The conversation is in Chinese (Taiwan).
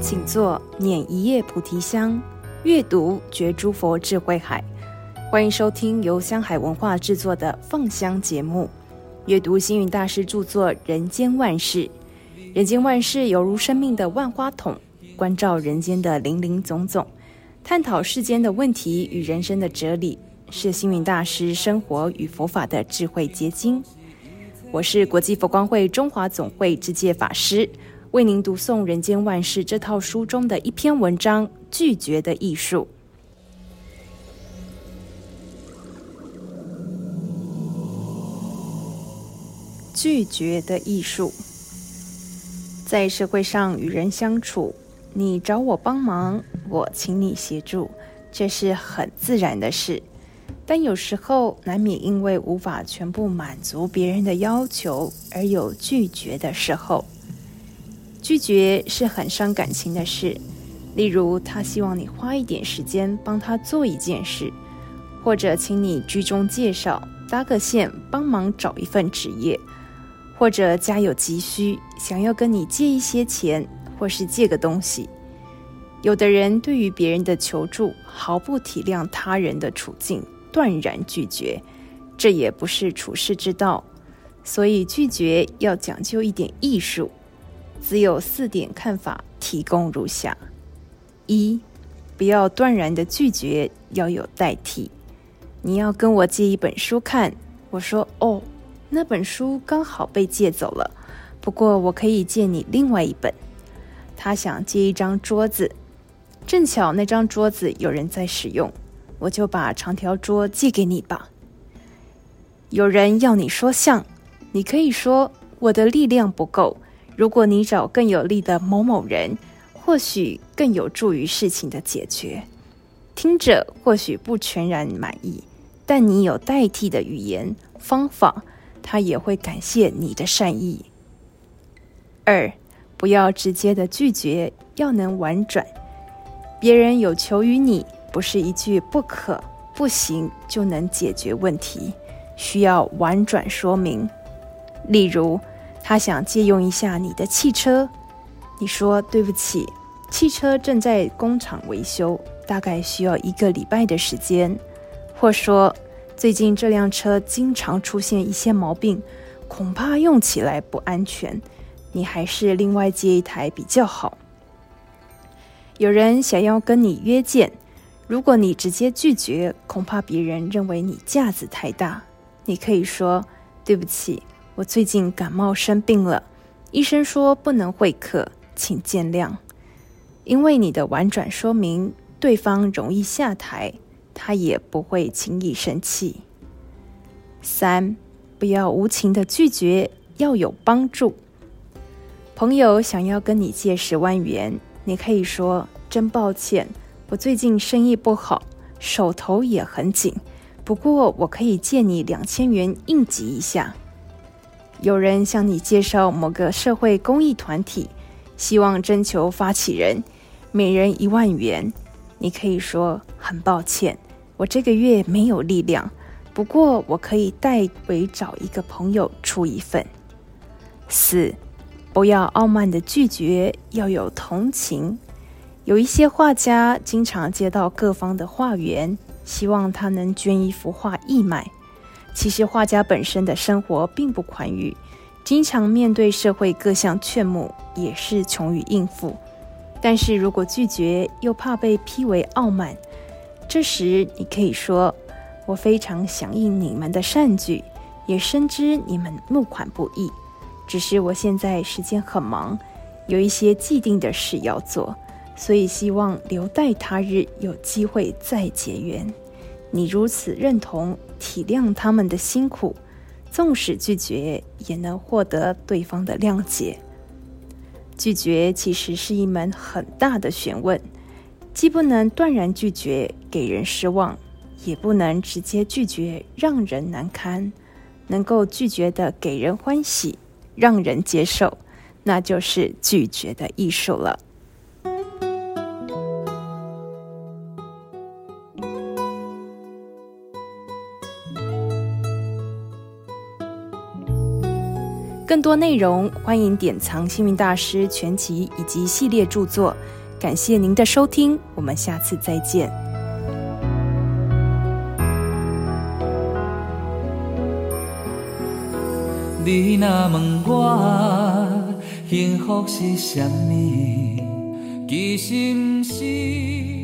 請坐，捻一葉菩提香，閱讀覺諸佛智慧海。歡迎收聽由香海文化製作的 Fun 香節目。閱讀星雲大師著作《人間萬事》，人間萬事猶如生命的萬花筒，觀照人間的林林總總。探討世間的問題與人生的哲理，是星雲大師生活與佛法的智慧結晶。我是國際佛光會中華總會知界法師，為您讀誦《人間萬事》這套書中的一篇文章——《拒絕的藝術》。拒絕的藝術，在社會上與人相處，你找我幫忙。我請你協助，這是很自然的事。但有時候難免因為無法全部滿足別人的要求，而有拒絕的時候。拒絕是很傷感情的事。例如，他希望你花一點時間幫他做一件事，或者請你居中介紹、搭個線幫忙找一份職業，或者家有急需，想要跟你借一些錢，或是借個東西。有的人對於別人的求助，毫不體諒他人的處境，斷然拒絕，這也不是處世之道。所以拒絕要講究一點藝術，只有四點看法，提供如下：一、不要斷然的拒絕，要有代替。你要跟我借一本書看，我說哦，那本書剛好被借走了，不過我可以借你另外一本。他想借一張桌子。正巧那張桌子有人在使用，我就把長條桌借給你吧。有人要你說項，你可以說我的力量不夠。如果你找更有力的某某人，或許更有助於事情的解決。聽者，或許不全然滿意，但你有代替的語言方法，他也會感謝你的善意。二，不要直接的拒絕，要能婉轉。別人有求於你，不是一句「不可」「不行」就能解決問題，需要婉轉說明。例如，他想借用一下你的汽車，你說：「對不起，汽車正在工廠維修，大概需要一個禮拜的時間。」或說：「最近這輛車經常出現一些毛病，恐怕用起來不安全，你還是另外借一台比較好。」有人想要跟你約見，如果你直接拒絕，恐怕別人認為你架子太大。你可以說：“對不起，我最近感冒生病了，醫生說不能會客，請見諒。”因為你的婉轉說明，對方容易下台，他也不會輕易生氣。三，不要無情的拒絕，要有幫助。朋友想要跟你借十萬元。你可以說：“真抱歉，我最近生意不好，手頭也很緊。不過我可以借你兩千元應急一下。”有人向你介紹某個社會公益團體，希望徵求發起人每人一萬元，你可以說：“很抱歉，我這個月沒有力量。不過我可以代為找一個朋友出一份。”四。不要傲慢的拒絕，要有同情。有一些畫家經常接到各方的化緣，希望他能捐一幅畫義賣。其實畫家本身的生活並不寬裕，經常面對社會各項勸募，也是窮於應付。但是如果拒絕，又怕被批為傲慢，這時你可以說：“我非常響應你們的善舉，也深知你們募款不易。”只是我現在時間很忙，有一些既定的事要做，所以希望留待他日有機會再結緣。你如此認同，體諒他們的辛苦，縱使拒絕也能獲得對方的諒解。拒絕其實是一門很大的學問，既不能斷然拒絕給人失望，也不能直接拒絕讓人難堪，能夠拒絕的給人歡喜。讓人接受，那就是拒絕的藝術了。更多內容，歡迎典藏星雲大師全集以及系列著作。感謝您的收聽，我們下次再見。你若問我幸福是什麼，其實